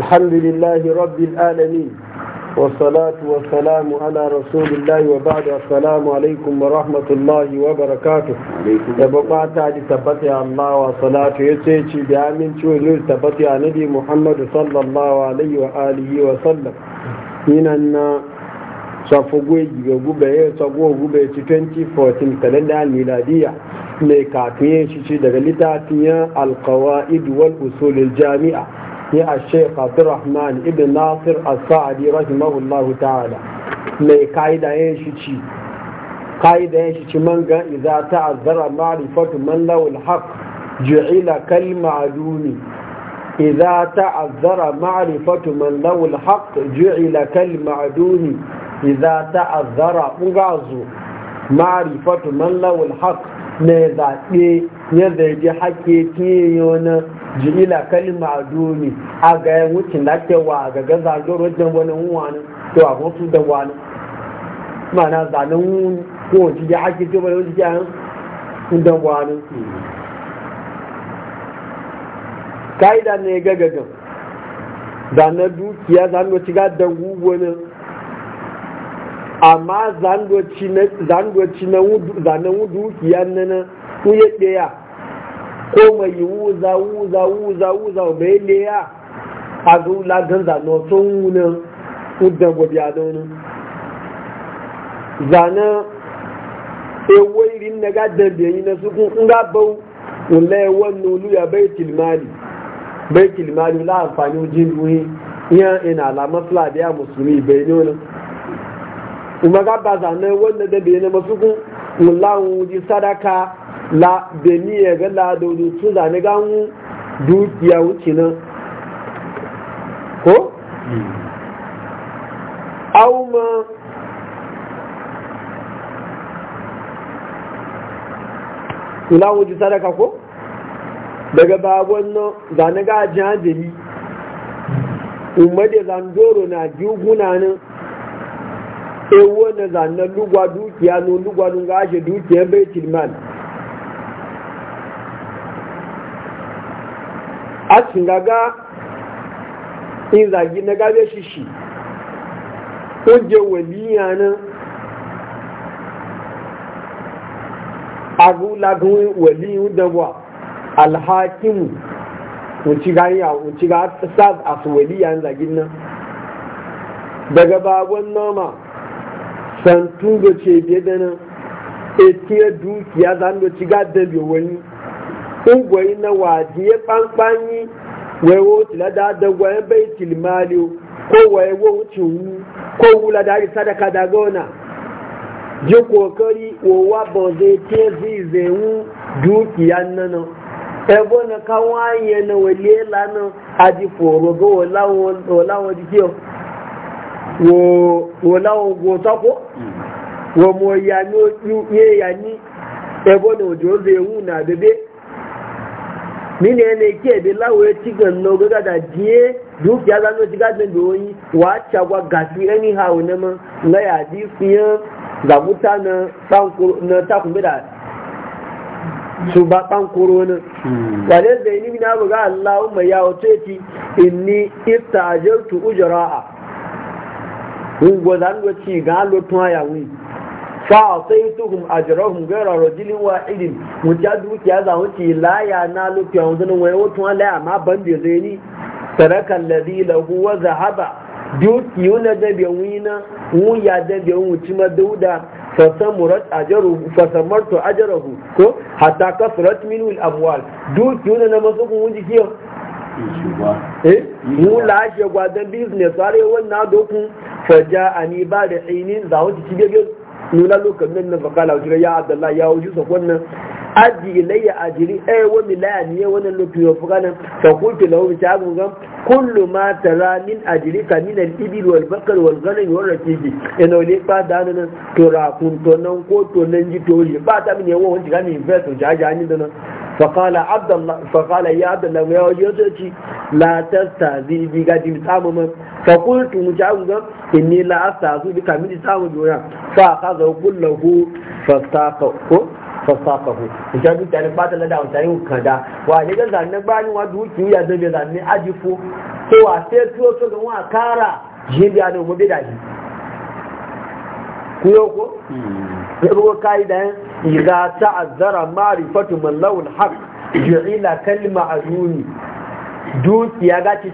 الحمد لله رب العالمين والصلاة والسلام على رسول الله وبعد السلام عليكم ورحمة الله وبركاته يبقى تعدي تبتي الله وصلاة يسيتي بأمين شوهر تبتي عن نبي محمد صلى الله عليه وآله وسلم هنا safogwe gube ya sago gube ci 2014 kalenda miladiya ne kafin ya shi daga littafin alkawa'id wal usulul jami'a يا a عبد الرحمن ibn nasir السعدي رحمه الله تعالى mai ka'ida ya shi ci ka'ida ya shi ci man ga idza ta'azzara ma'rifatu man lawul haqq ju'ila kalma'dumi idza ta'azzara ma'rifatu man lawul haqq ju'ila kalma'dumi idza ta'azzara ungazu ma'rifatu man lawul haqq ne zaɓe yadda ya ji haƙƙe tiye yana jimila kalima domi a ga yan wucin da ke wa ga ga zagoro dan wani wani to a ko su da wani mana zanen ko ji ya ake ce bane wani jiyan sun dan wani kaida ne gagagan zanen dukiya zanen wuce ga da wani amma zanen dukiya nan na kuye ɗaya ko mai yi wuza wuza wuza wuza mai leya a zo lagan zanen tun wunan udan gobe a zanen zanen ewo irin na gadan da yi na sukun in gabau ule wani olu ya bai tilmali bai tilmali la amfani ojin duhi yan ina e alama fulani ya musulmi bai ne wani kuma gaba zanen wannan da bai na masukun ulawun ji sadaka la beni ya ga la da wani tun zane gan dukiya wuce nan ko? auma kula wuce sadaka ko? daga babon nan zane ga jajiri umar da zandoro na juguna nan ewu na zanen lugwa dukiya no lugwa nun ga ashe dukiyar baitul mal a cin gaga in zagi na gabe shi shi ƙunje waliya nan abu lagun waliyu da wa alhakimu wuci ga a wuci ga sa a su waliya zagi nan daga babon noma santun da ce biye da nan etiyar dukiya zan da ci gadon wani ungwai na wajiye kpankpanyi wee wo tilada da gwaye bai tilmali ko wee wo wucin ko wula da ari sadaka da gona ji kokari wowa ba zai te zai zai wu dukiya nana ebo na kawanye na wale lana ya ni ya na na bebe mine ya ke ebe lawo ya ci ganno ga da jiye duk ya zano ci gadin da wani wacce gwa gafi ani na ma na ya di fiye ga wuta na tankuro na takumbe da su ba tankuro na wale da yi na ya wato ya inni ifta ajartu ujra'a Ngwa zan ga lotun ayawi fa'asaituhum ajrahum ghayra rajulin wahidin mujadu ya za wuce la ya na lufi an zanin waye wato la ma ban da zai ni taraka alladhi lahu wa zahaba duki yuna da bi wina wu ya da bi wu ci dauda fa samurat ajruhu fa samartu ajruhu ko hatta kasrat min al amwal duki yuna na masu kun wuji kiyo eh mu la shi gwadan business are wannan dokun fa ja ani ba da ainin za ci gege nuna lokacin nan fakala wajen ya adalla ya wuce sa wannan aji ilayya ajiri eh wani laya ne eh, wani lokacin ya fakala fa kulti lahu ta gungan kullu ma tara min ajiri ka min al ibil wal bakar wal ghanam wal raqibi ina wani ba da nan to rakun to nan ko to nan ji to ba ta min yawo wani ga ni invest to jaja ni da nan فقال عبد الله فقال يا عبد الله يا وجهتي لا تستهزئ بي قد تامم فقلت مجاوبا اني لا استهزئ بك من تامم جويا فاخذه كله فاستاقه lada wata yin kada wa ne ga zanne bani wa duki ya zabe zanne ajifu ko wa sai tuwo so wa kara je da ne mu bida shi ko ya ruwa kai da idza ta'azzara ma'rifatu man lawul haqq ju'ila kalma azuni ya ga ci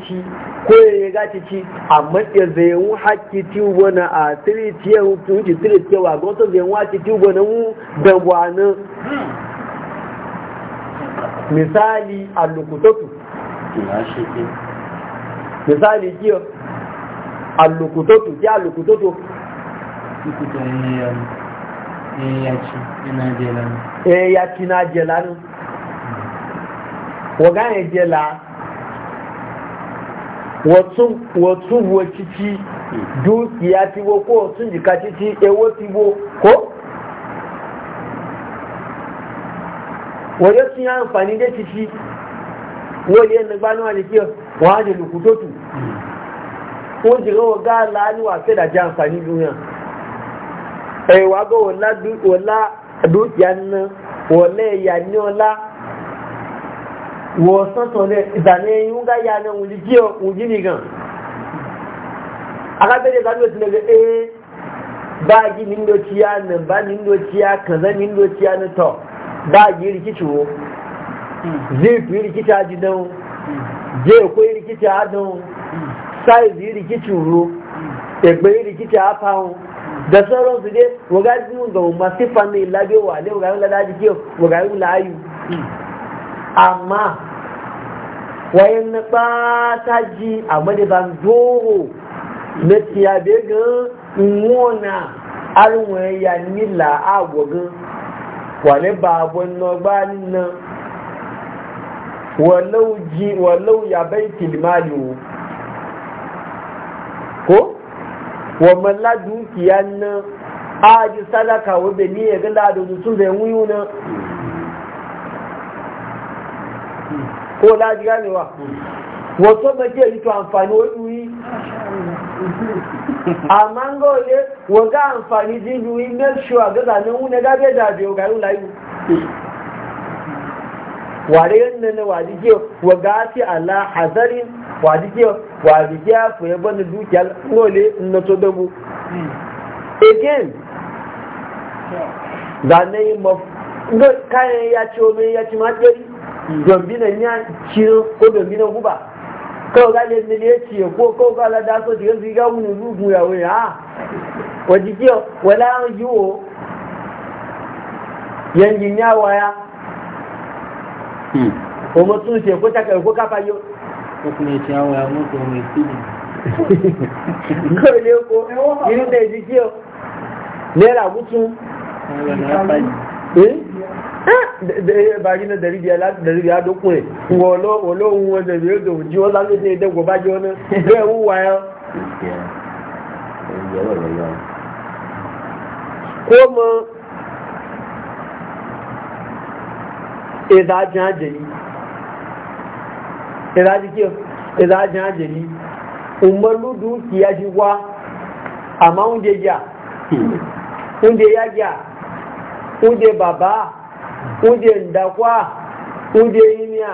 ko ya ga ci amma ya zayu hakki ti wona a tiri ti ya hutu ti tiri ti wa go to zayu hakki ti wona mu da wana misali al-lukutatu misali ki al-lukutatu ya al-lukutatu Eh, eh ya ci na je lanu ya je la wo titi dukiya ti wo ko tun jika titi ewo ti wo ko wòye tún yá àǹfààní dé ti fi wọ́n yé nígbà náà lè kí ọ wọ́n á lè lùkú ai waga wala wala dukiyan nan wala ya ni wala wo san to ya aka bere ga duwa tinaga eh ba gi do ciya nan ba min do ciya kaza min do ciya na wo zai fi rikici a jidan je ko rikici a don size rikici e egbe da sauran su dai waga jiwu ga masu fanni labe wa ne waga yin ladaji ke waga yin layu amma wayan na ɓata ji a ban doro na tiyabe ga nwona arunwe ya ni la Wa nila agwagin wale na. nogbanin nan walau ya bai kilimali ko wa malla dukiyan nan a ji sadaka wa ni ya ga ladun sun zai wuyu nan ko laji ganewa wato ba ke yi to amfani wa yi? amma ga wale wa ga amfani jin duyi na shi ga zanen wune gabe da biyu ga yi layu ware yannan na wajike wa gafi ala hazarin wajike wajike ya fi yaba na na to again zane yi maf kayan ya ci omi ya ci matsari dombi na ya ci ko dombi na guba kawai ga ne ne ci ko kawai ka ala daso ti yanzu ga wuni rubu ya wuni ha ah. yi wo yanjin ya ọmọ hmm. tún ṣe kó tẹ́kẹ̀rẹ̀ kó kápa yóò ọkùnrin ṣe àwọn àwọn tó rìn sí ni kó inú tẹ́ ìdí kí o lẹ́rà gútún hmm. ah, bàjínà dẹ̀ríbi aládẹ̀ríbi adókùn ẹ̀ ní ẹ̀dẹ́gbọ̀ ìdájá jẹ̀lì ìdájá jẹ̀lì umarludu kì yá wá àmá oúnjẹ yà oúnjẹ yájá oúnjẹ bàbá oúnjẹ ìdàkwá oúnjẹ ìmìà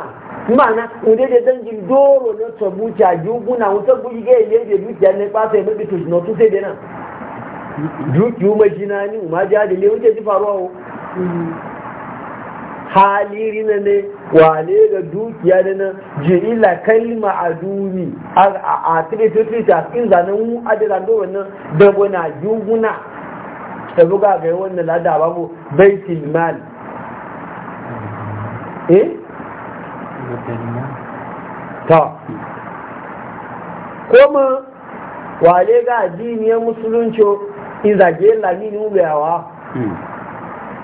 mana inda da dangin doro na tsabuta yuguna wuta guji ga ile da dukiya ne to ma ji haliri na ne wane ga dukiya da na jirila kalma a duni a tiritoci ta cikin zanen adalan doron nan da wana juguna ta buga ga yi wannan lada babu bai mal eh ta kuma wale ga addiniyar musulunci izage lamini ubewa hmm.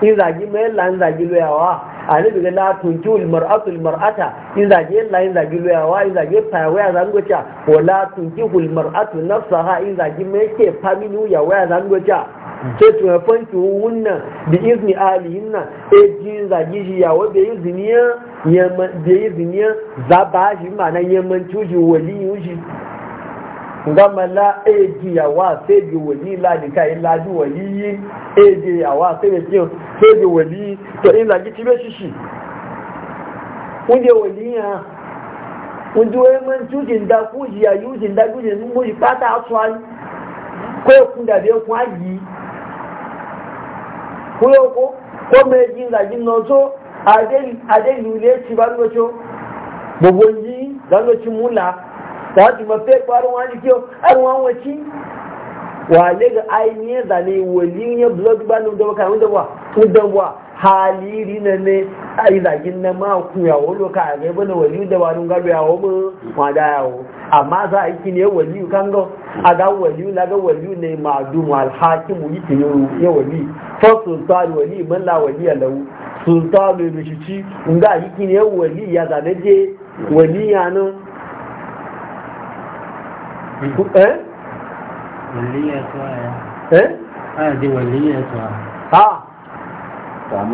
izage mai lanzage loyawa annabi ga la ah, tuntu al mar'atu mar'ata in zage Allah in zage wa in zage waya zan gocha wa la tuntu al mar'atu nafsaha in zage me ke faminu ya waya zan gocha ce to ya fanki wunna bi izni alihinna e jin zage shi ya wa be izniya ya be izniya za ba shi ma na yaman tuji wali shi gama la eji yawa sai bi wali la ni kai wali yi eji yawa sai bi kiyo sai bi wali to in la ji ti be shishi unje wali ya unje we man tuji nda kuji ya yuji nda kuji ni mo ipata aswai ko kun da be kun ayi ko yo ko ko me ji la ji so ade ade lu le ti ba lo so gbogbo yi la lo ti ta su mafi kwarin wani kyau an wawaci wale ga ainihin zane wali ya blog ba nun da baka wanda ba wanda ba haliri na ne a yi zagin na ma ku ya wolo ka a gaiba na wali da ba nun gado ya wo ma da ya amma za a yi kine wali kan ga a ga wali na ga wali ne ma dum mu yi kine ya wali fa sultan wali man la wali ya lau? sultan ne bishici nga yi kine wali ya zane je wali ya nan eh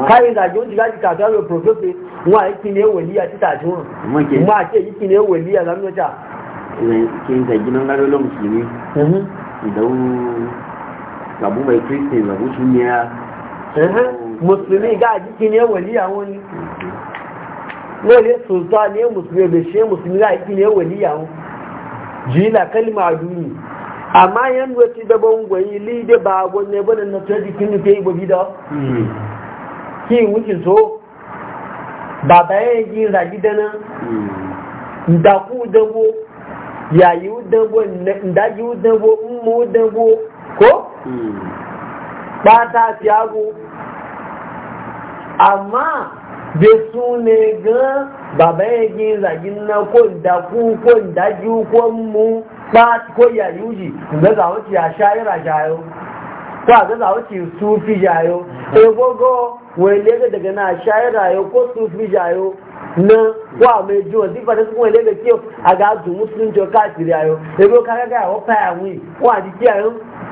káyé ìdájọ́ ti láti kàtọ́ àwọn pòròfẹ́fẹ́ wọn àyí kí ní ẹwẹ̀ líyà títà tí wọn mọ́ àti èyí kí ní ẹwẹ̀ líyà lánàájá kí n tẹ̀jú náà lọ́rọ̀ lọ́mù sí ní ìdánwò làbúmọ̀ kírísìn làbúṣù ní a mùsùlùmí gáàjí kí ní ẹwẹ̀ líyà wọn ni wọ́n lè ní mùsùlùmí jila kalma duni amma yan wati da bangwayi li da ba gwanne bane na tadi kin ke ibo gida hmm. ki wuce so baba yayin ji za gidana hmm. da ku dabo yayi dabo da ji dabo mu ko hmm. ba ta fiago amma da su ne ga baba ya gi zagin na ko da ku ko da ju ko mu ba ko ya yuji ga za wuce ya shayira jayo ko ga za wuce sufi jayo e gogo wai lega daga na shayira yo ko sufi jayo na wa mai jiwa duk ba da su kuma lega kiyo a ga azu musulunci ka tiri ayo e go ka ga ga wa fa ya wi wa di kiyo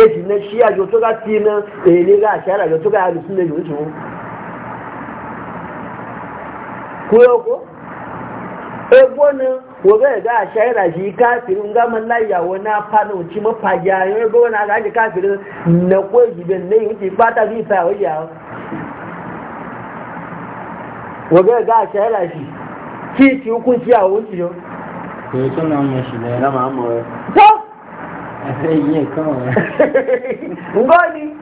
èsì náà ṣí àjọ tó ká tí iná èlé ká àṣà àjọ tó ká yà lùsùn lè lòóṣù wọn. kúrò kó egbó ni wọ́n bẹ̀rẹ̀ ká àṣà ìràjì káfíìrì ńgá máa láyàwó náà pàdé òtí mọ́ pàjá ẹ̀rọ gbọ́wọ́ náà láti káfíìrì nàkó ìjìbẹ̀ lẹ́yìn ti pátá bí ìfà òyà ọ́. wọ́n bẹ̀rẹ̀ ká àṣà ìràjì kí ìtì ukùn sí àwọn òṣìṣọ́. kò tó náà mọ̀ ṣùgbọ́n. náà ngoni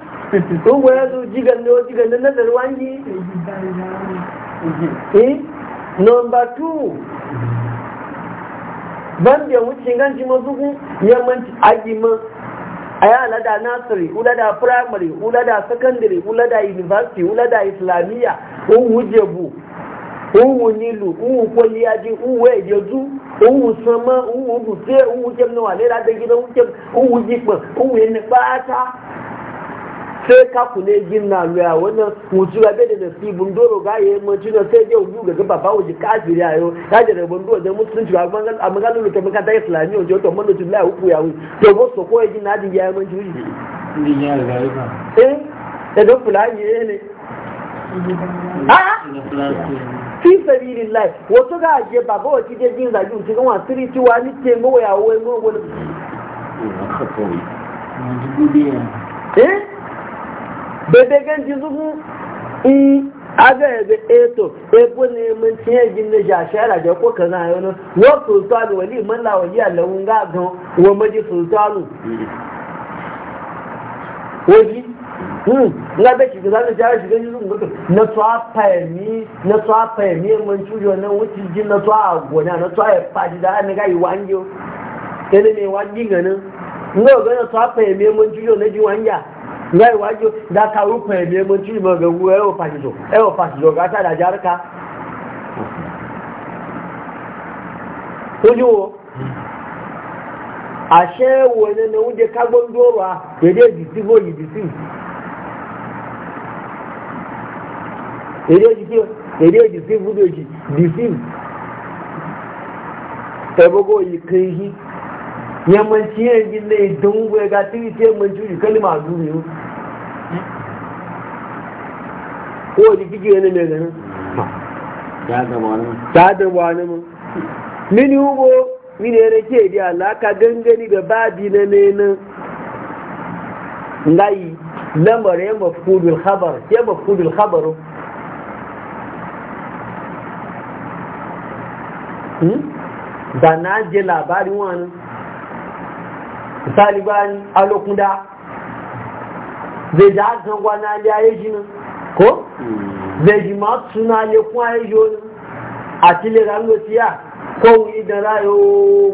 ungo yazo jigande o da nazari wangi number two ban da wuce ganci mazugu yammanci agiman Aya yi da nasiri hula da primary hula da secondary hula da university hula da islamiyya un wujebu un wunilu un kwaliyaji un wajezu òun san mọ́ òun òun tẹ́ òun jẹ́ náà wà lẹ́la dẹ́gi náà òun jẹ́ òun yí pọ̀ òun yẹn ya pátá. ṣé kákù ní jí nà lọ àwọ̀ náà wò tí wà bẹ́ẹ̀ dẹ̀ sí ibùn dóró gáyé mọ́ tí náà sẹ́jẹ́ òun gẹ̀gẹ́ bàbá òjì káàkiri àyọ lájẹ̀rẹ̀ ìbọn dóró jẹ́ mùsùlùmí tí àmàgálùlù tó tó òkú tó bó sọ̀kọ́ ẹ̀jì yìí. fi sabilillah wato ga je ba ga wati da jin zagi mutum kan wasiri ci wani ce ngo ya wo ngo ngo eh bebe gan ji zugu i aga ebe eto ebo ne mun tiye jin ne ja shara da ko kaza yana wa sultanu wali man la wali Allah ga gan wa maji nga bɛ shiga zan jara shiga yi zun gudu na tsuwa fayami na tsuwa mi mun cujo na wuce jin na a gona na tsuwa ya faɗi da an ga yi wange yana mai wange ganin nga ga na tsuwa fayami mun cujo na ji wanja nga yi wange da ka ru mi mun cujo ma ga ruwa yawa faɗi so yawa faɗi so ga ta da jarka kujo ashe wani na wuce kagon dorowa ya dai disibo yi èdè òjì kí o èdè òjì sí fúdù òjì dìfìm ẹgbogbo òyì kan yí yamanci yẹn yí lè dùn wẹ ga tìrì tí yamanci òjì kẹ́lí máa dùn yìí gangani da na nẹ́nà. Nga yi lamarin da hmm? na je labarin wani misali bayan da, zai da aka gwana ya yi jinin ko hmm. zai ji ma suna ya kuma ya yi jini a cile rangotiya ko yi da rayo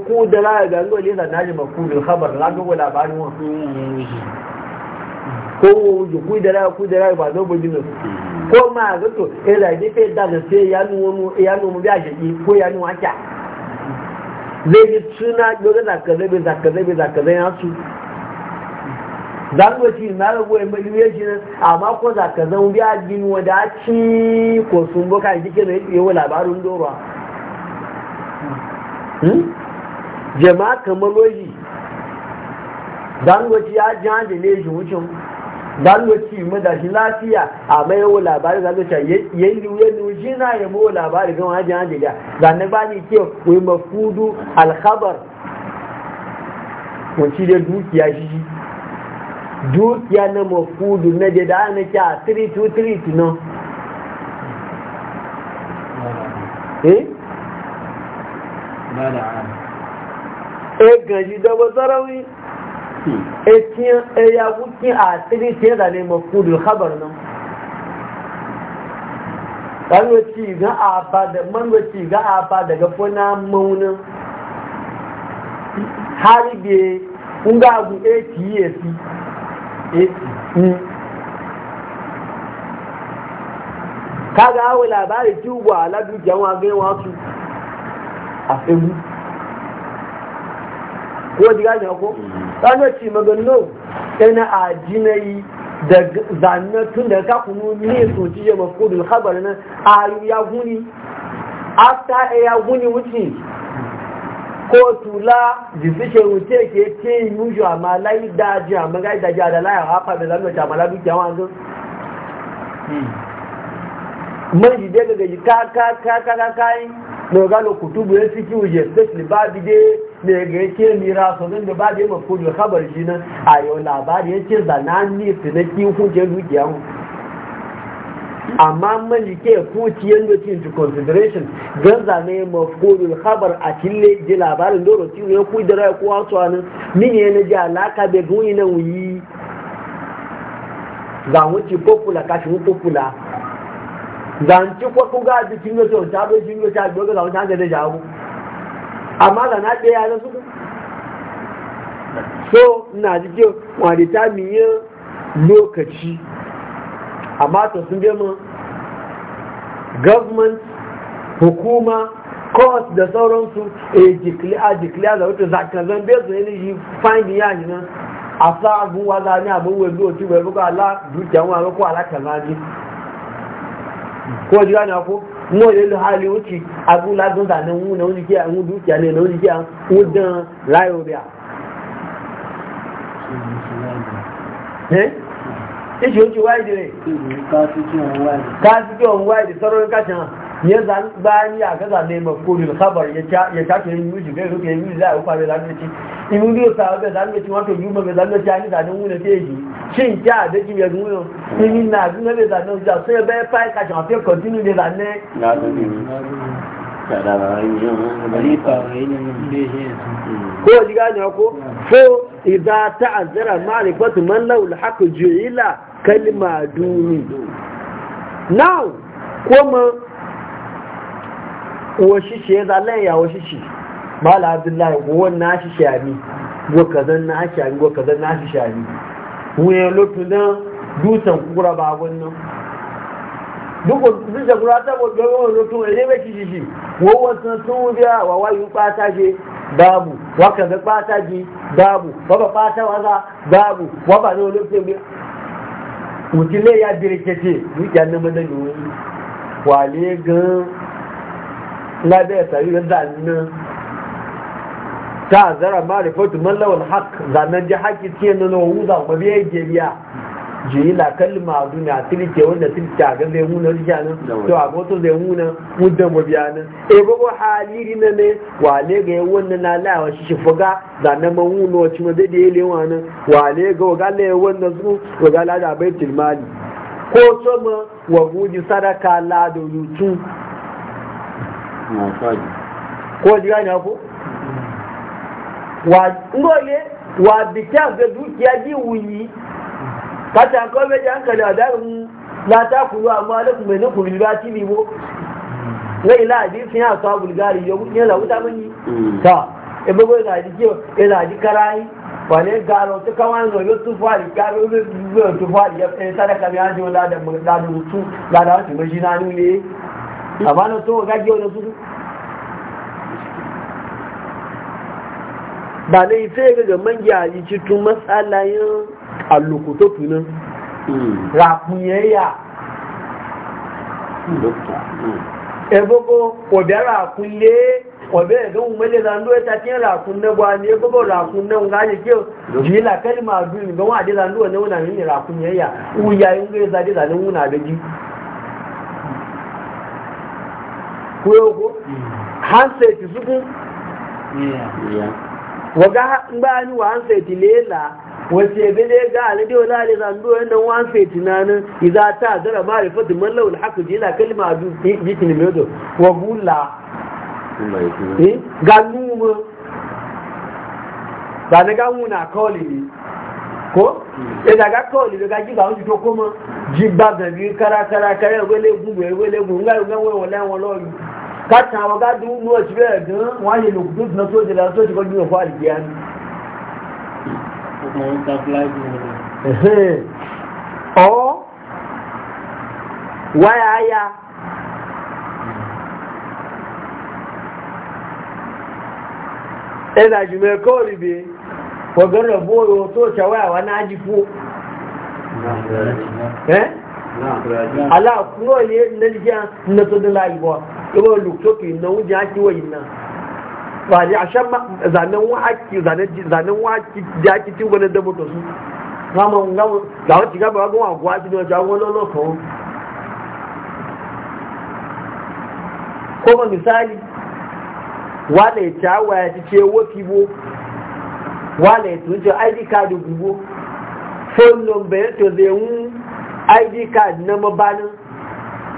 ko da rayo ga ngoli da naji makubin khabar na ga labarin wani hmm. ko ku da rayo ku da rayo ba zo bujinin ko ma zato ila e eh fe da da sai ya nu mu ya nu mu biya shi ko ya nu haka zai e ji suna yoga da kaza be da kaza be da kaza ya su dan go ci na go yi mai yuye shi amma ko da kaza mu biya jin wada ci ko sun boka ji ke e hmm? ne yi labarun dora jama'a kamar loji dan go ci ya an da ne shi wucin zanwaci mu da shi lafiya a mai yau labari zanwaci ya yi ya nuji na ya mawa labari gan hajji hajji da zanne ba ni ke wai mafudu alkhabar ci da dukiya shi dukiya na mafudu na da da ana kya 323 nan eh ba da an eh gaji da wasarawi etin eya wukin a tiri te da ne mafudul khabar nan dan wace ga aba da man wace ga aba daga fona maunin hari be kun ga abu ATS hmm. kaga awo labari ti ugbo aladu jẹun agin wọn tu afewu ko diga jẹ ko hmm. ranar ce maganin yana a jinayi da zanen tun da kakunu ne soci ya mafudul habar nan a ya guni after a e ya guni wuce ko tula disishe wuce ke ce yuju a malayi daji a magayi daji a da laya hafa da zanen ta malayi dukiya wanzu hmm. man jide daga yi kakakakakakai lọ́gálò kùtùbù yẹn sí kí òye especially bá bí dé mẹ́gẹ̀ tí ń lera sọ ní bá dé mọ̀ fún ìkábọ̀ yìí ná àyọ̀ làbárí ẹ̀ tí zànà ní ìpínlẹ̀ tí ń a ma ko ci yanda ci into consideration don zane mafkodul khabar a cille ji labarin da ci ne ku dara k'u wasu anan ni ne na ji alaka be guni na wuyi ga wuce popula kashin popular zanci ko kuga ji kin yoto ta do kin yoto ta do ga wata da da amma da na da yana su so na ji ke wani ta miye lokaci amma to sun je mu government hukuma court da sauransu a jikliya a jikliya da wata zakazan bai su yana yi findin yi nan a sa abubuwa zane abin wanda otu bai buga ala dukiyan wa ko ala kaza ko ji gane ko mo le lo hali uchi agula dun da nu na uji ki an du ki na uji ki an udan rayo bia eh e ji uji wide re ka si ki on ka si ki on wide soro ka chan ya zan bayan ya gaza ne mafkurin khabar ya tafi yin yuji bai rufe yin yuji za a rufa bai zane ci in yi yau sawa bai ci wato yi bai zane ci hannun zanen wuna ta yi shin kya da ki ya zuwa in yi na zuwa bai zanen ci sai bai fai ka shan fiye kontinu ne zanen ko ji gane ko ko idza ta'azzara ma'rifatu man lahu al ju'ila kalma duni now kuma uwa shi ce za lai ya wa shi ce mala abdullahi gowon na shi shami go kazan na shami go kazan na shi shami wuya lotu na dutan kura ba wannan duk wasu da kura ta ko gawo lotu ne ba shi shi wo wasu sun biya wa wayu fata je babu wa kaza fata ji babu wa ba fata waza babu wa ba no lotu biya mutile ya birkete duk ya nan madan wani wale gan lábẹ́ ẹ̀sàrí rẹ̀ dáná ta zara ma rifatu mallawal hak' zanen ji haƙi ce na na wuza kuma biya jeriya ji la kalma duniya tilke wanda tilke a ga zai muna rija nan to a ga zai muna mudan mu biya nan e ba ko haliri na ne wale ga wannan na lawa shi shi fuga zanen man wuno wacce ma zai da yele wannan wale ga ga la wannan su ga la da baitul mali ko so ma wa guji sadaka la da rutu ko ji gane ko wa bita ga dukiya ji wuyi kata ko be jan kala da la ta kulu amma lakum bainakum bil batili bo ngai la hadisi ya sabul gari yo kun la wuta mun mm. ta e bo e e ga hadisi yo e ji karayi? karai wale garo ta kawan zo yo tu fari garo yo fari ya e sadaka mi ajo la da mu da mu tu na da àmọ́ lọ tó ọ̀gá jẹ́ ọ̀nà tuntun ba na ife gaga manja yi matsalayin allokuto tunan rakunyayya ebogo ọbẹ̀ ne ọbẹ̀ ẹ̀dọ́ umele na ndó ẹta tí rakun náà wà ní ebogo rakun náà ń gáyé kí o yìí làkẹ́lì máa dùn ìgbọ́n àdílà ndó ọ̀nà wọn àmì ìrakun yẹ́yà wúyà ń gbé ẹ̀dá àdílà ní wọn kuyogo handset zugu waga gbani wa handset lela na nan idza ta zara ma'rifatu man law alhaq jila kalma du bikin medo wa gulla ga numu ba na hmm. e ga muna kawai ko ìdàgá kọ́ ìlúgá jígbà oúnjẹ tó káàkiri àwọn gádùn ní ọjọ́ bẹ́ẹ̀ gan wọ́n á yẹ lòkù tó dùn tó jẹlá tó jẹkọ́ gbìyànjú fún àdìgbé á ní. ọ̀ wáyà áyà ẹ̀dà jùmọ̀ ẹ̀kọ́ òrìbè pọ̀gọ́rọ̀ bóyọ tó ṣàwáyà wá náà jí fún aláàkúrò yẹ lẹ́lẹ́gẹ́ nẹ́tọ́dọ́lá ìbọn yabo luktoki na wuce haki wa yin nan ba ne a shan zanen waki zanen waki da haki ci wani da mutu su gama gama da wacce gaba wa gama kuwa ci ne wajen wani lokacin kuma misali wala ya ci hawa ya ci ce wafi bo wala ya tunce id card gugu phone number to to zai id card na mabanin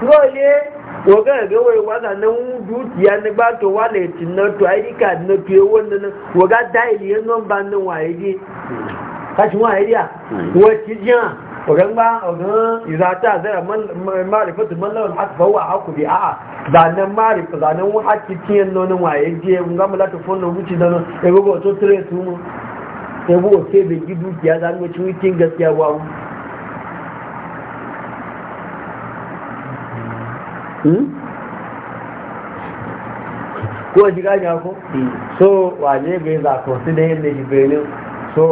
role waga ga wai waza nan dukiya na ba to wala ti na to ID card na to yawon nan waga dial yan number nan waye ge kashi waye dia hmm. wati jan wagan ba wagan izata zara man ma'rifatu man lawan hak haku a'a da na ma'rifa da nan wa hakki tiyan nan waye ge mun ga mala to phone nan wuci nan e go go to trace mu e go sai be ya zan Hmm? ko ji ya ko so waje ga za ko su da yadda shi benin so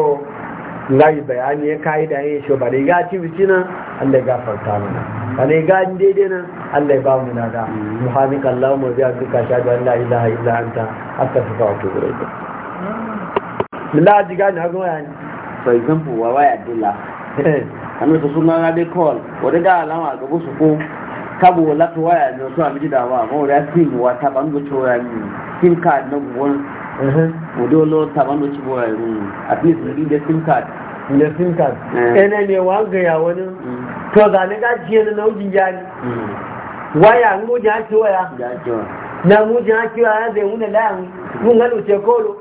layi bayani ya kayi da yin shi ba da ga ci bici nan allai gafarta mana ba da ga daidai nan allai ba mu nada muhammad allah mu biya duka sha da allah ilaha illa anta hasta fi fa'a to gure la ji gani ako yani for example wa waya dilla kanu su suna na dai call wadda da alama ga su ko kabo lati waya ne to a mijida wa mo ya tin wa ta bango to ya ni sim card na gon eh lo ta bango ci boya ni at least ni da sim card da sim card eh. ene ne wa ga ya wani mm. to ga ne ga jiye na nauji ya mm. waya ngo ja ci waya ja ci na mu ja ci waya da mun da mu mun mm. ga lo ce kolo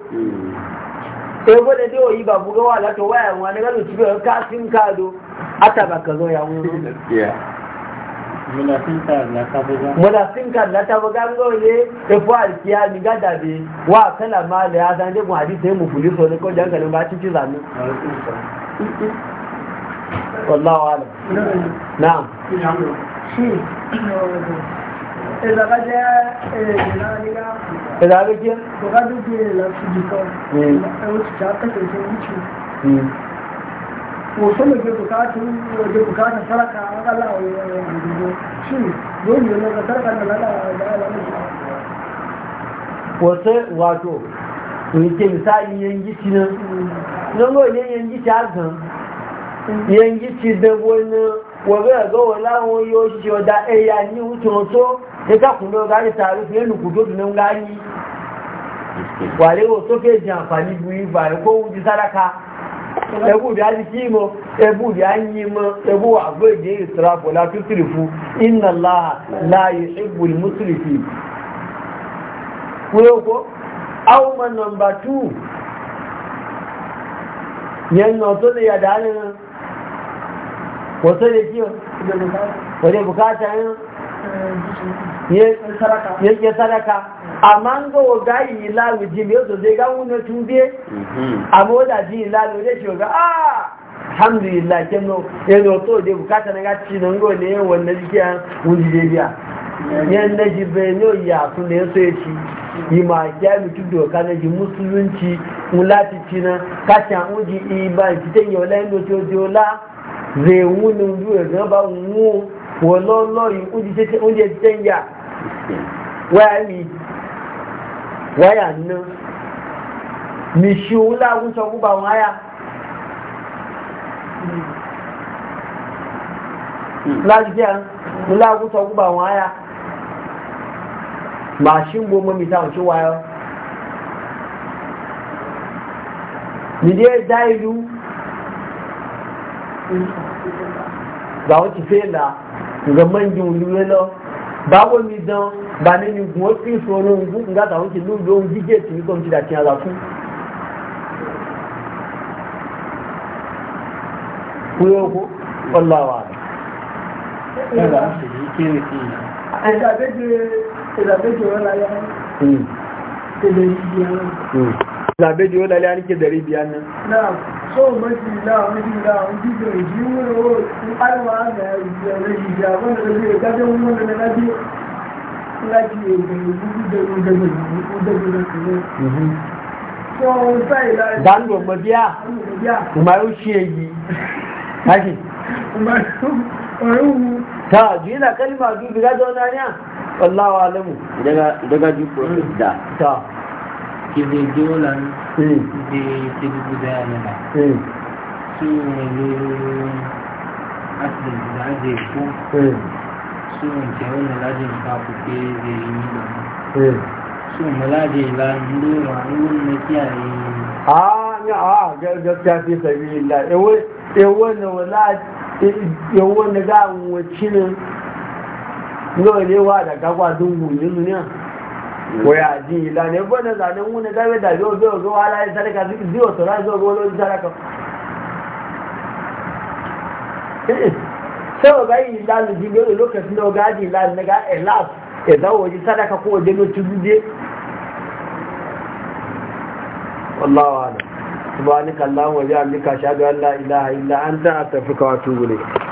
eh bo da yi ba buga wa to waya wa ga lo ci ka sim card ataba ka zo ya wuri munafinka na ta buga ne, e fo alkiya ni gada be wa kala ma le azan de gwa hadisi mu so ne ko janka ne ba ci ci zanu wallahu alam na'am إذا غدا إذا غدا إذا غدا hoton da ke bukatun da bukatun saraka a kala a yanzu shi yomi da naga saraka da lada da wato wato misali yanki ci nan nan go ne yanki ci azan yanki ci da wani wọ́n bẹ́ẹ̀ gọ́wọ́ láwọn yóò ṣe ọ̀dá ẹ̀yà ní oúnjẹ tó ẹgbàkùnlẹ̀ ọ̀gá ní tààrí fún ẹnùkù kudo dùn ńlá yìí wà léwò tó kéèjì àǹfààní bu ìbà ko wuji sáráka ẹbú bí a kí mọ ẹbú bí a ń yí mọ ẹbú wà fún èdè ìsirafọ láti tìrìfù iná láà láàyè ìgbòlì mùsùlùmí wúlò kó àwọn ọmọ nọmba tù yẹn nà tó lè yàdá nínú wọ́n tó lè kí ọ ya sadaka amma ga oga yi lalu ji mai zai ga wunan tube mhm. a moda ji lalu ne shi oga ah alhamdulillah kemno ya zo to dai bukata na gaci na go ne wannan jikiya wunji dai biya yan na ji bai yau ya sun ne so ya ci yi ma ya mutu doka na ji musulunci mulati ci na kacin uji iba ki tan yau la yin doto la zai wunin duwa gaba wunin wọ́n lọ́rin oúnjẹ tẹ́yà wáyé wáyà náà nìṣù láàrùn sọ fún àyà láàrùn láàrùn sọ fún àyà màá ṣí ń bó mọ́ mi táwọn wáyọ́ nìdí ẹ̀dá ìlú ba wọ́n ti fẹ́ là nga mọ́njú lọ báwo mi dán bá nínú gun ó sì fún olóhùn fún nga ti lóhùn lóhùn jíjẹ́ tì ní kọ́ dàtí ara fún. kúrò kó ọlá wa. ẹ̀ka àbẹ́jọ́ ìdàbẹ́jọ́ ọ̀la yá. ìdàbẹ́jọ́ ọ̀la yá ní kí dẹ̀rí bí i so majila majila ndi da ji wuro in alwa da ji ja wanda da zai gaje wanda da na ji na ji da gudu da gudu da gudu da gudu da gudu so sai la dan do mabiya kuma yau shi yi kashi kuma ta ji na kalma du biga da wani ne wallahi alamu daga daga ji ko da ta If they do land, mm. they take it to their number. Mm. So when you ask them to that, they go. Mm. So when they own the large in Papu, they need them. Mm. So in the gaskiya fi sabi ga wacinin yau ne wa da gagwa dungu ne waya ji da ne bane zanen wuni gabe da zo zo zo ala ya sadaka ziyo to zo go lo sadaka eh, sai ga yi da ji ne lokacin da ga ji da ne ga elas e da waje sadaka ko waje no tuje wallahu a'lam subhanaka allahumma wa bihamdika ashhadu an la ilaha illa anta astaghfiruka wa atubu ilayk